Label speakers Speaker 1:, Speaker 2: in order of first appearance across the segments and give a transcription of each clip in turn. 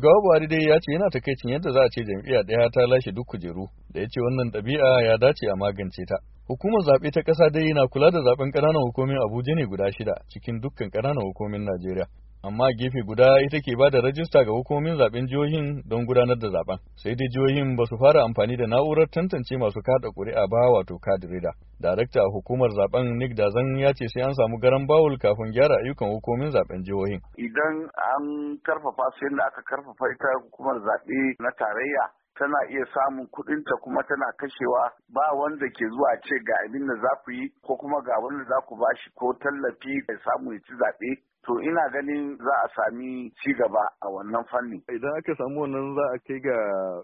Speaker 1: Shugaba Buhari dai ya ce yana takaicin yadda za a ce jam'iyya ɗaya ta lashe duk kujeru da ya ce wannan ɗabi'a ya dace a magance ta. Hukumar zaɓe ta ƙasa dai na kula da zaɓen ƙananan hukumin Abuja ne guda shida cikin dukkan ƙananan hukumin Najeriya. amma gefe guda ita ke ba da rajista ga hukumomin zaben jihohin don gudanar da zaben sai dai jihohin ba su fara amfani da na'urar tantance masu kada kuri'a ba wato card reader darakta hukumar zaben nick dazan ya ce sai an samu garan bawul kafin gyara ayyukan hukumomin zaben jihohin
Speaker 2: idan an karfafa sai da aka karfafa ita hukumar zaɓe na tarayya tana iya samun kuɗinta kuma tana kashewa ba wanda ke zuwa ce ga abin da za ku yi ko kuma ga wanda za ku bashi ko tallafi da samu ya ci zaɓe to ina ganin za a sami ci gaba a wannan fanni.
Speaker 1: Idan aka samu wannan za a kai ga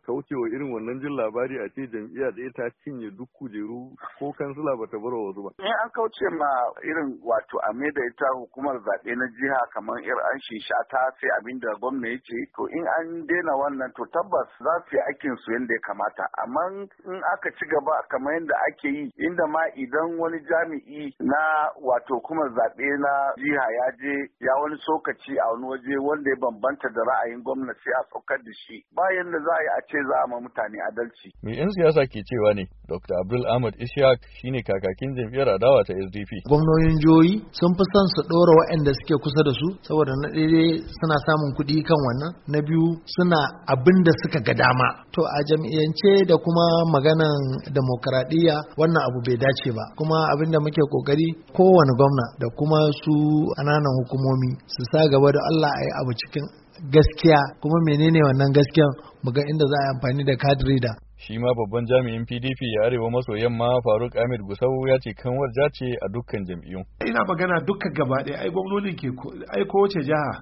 Speaker 1: kaucewa irin wannan jin labari a ce jam'iyya da ta
Speaker 2: cinye duk kujeru ko kansila ba ta bura wasu ba. In an kauce ma irin wato a da ita hukumar zaɓe na jiha kamar 'yar an ta sai abin da gwamna ya ce to in an daina wannan to tabbas za su yi aikin su yadda ya kamata amma in aka ci gaba kamar yadda ake yi inda ma idan wani jami'i na wato hukumar zaɓe na jiha ya je ya wani sokaci a wani waje wanda ya bambanta da ra'ayin gwamnati a saukar da shi bayan da za a yi a ce za a ma mutane adalci.
Speaker 1: Me 'yan siyasa ke cewa ne Dr. Abdul Ahmad Ishaq shine kakakin jam'iyyar adawa ta SDP. Gwamnoyin jihohi sun fi
Speaker 3: son su ɗora waɗanda suke kusa da su saboda na ɗaya suna samun kuɗi kan wannan na biyu suna abin da suka ga dama. To a jam'iyyance da kuma maganan demokaradiyya wannan abu bai dace ba kuma abin da muke kokari kowane gwamna da kuma su ananan hukumar. hukumomi su sa gaba da Allah a yi abu cikin gaskiya kuma menene wannan gaskiyan muga inda za a yi amfani da card reader
Speaker 1: shi ma babban jami'in pdp ya arewa maso yamma faruk ahmed gusau ya ce kanwar ja ce a dukkan jam'iyyun ina magana dukkan gaba ɗaya ai gwamnonin ke ai kowace jiha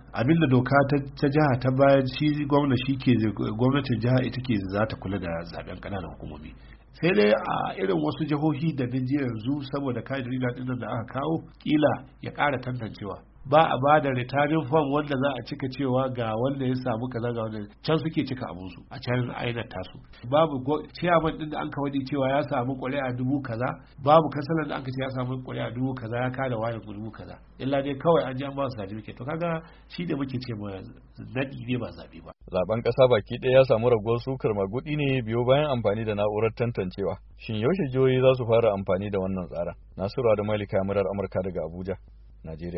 Speaker 4: da doka ta jiha ta bayar shi gwamna shi ke gwamnatin jiha ita ke za ta kula da zaben ƙananan hukumomi sai dai a irin wasu jihohi da na yanzu saboda kadiri da da aka kawo kila ya ƙara tantancewa ba a ba da retarin form wanda za a cika cewa ga wanda ya samu kaza ga wanda can suke cika abun su a can ainar tasu babu chairman din da an kawai cewa ya samu a dubu kaza babu kasalan da an ce ya samu a dubu kaza ya kada waye dubu kaza
Speaker 1: illa dai kawai an ji an ba su certificate to kaga shi da muke ce mu nadi ne ba zabe ba zaben kasa baki ɗaya ya samu raguwar sukar magudi ne biyo bayan amfani da na'urar tantancewa shin yaushe jihohi za su fara amfani da wannan tsara nasiru da malika murar amurka daga abuja najeriya